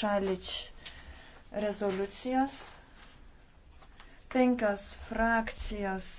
Šalič rezoliucijos. Penkios frakcijos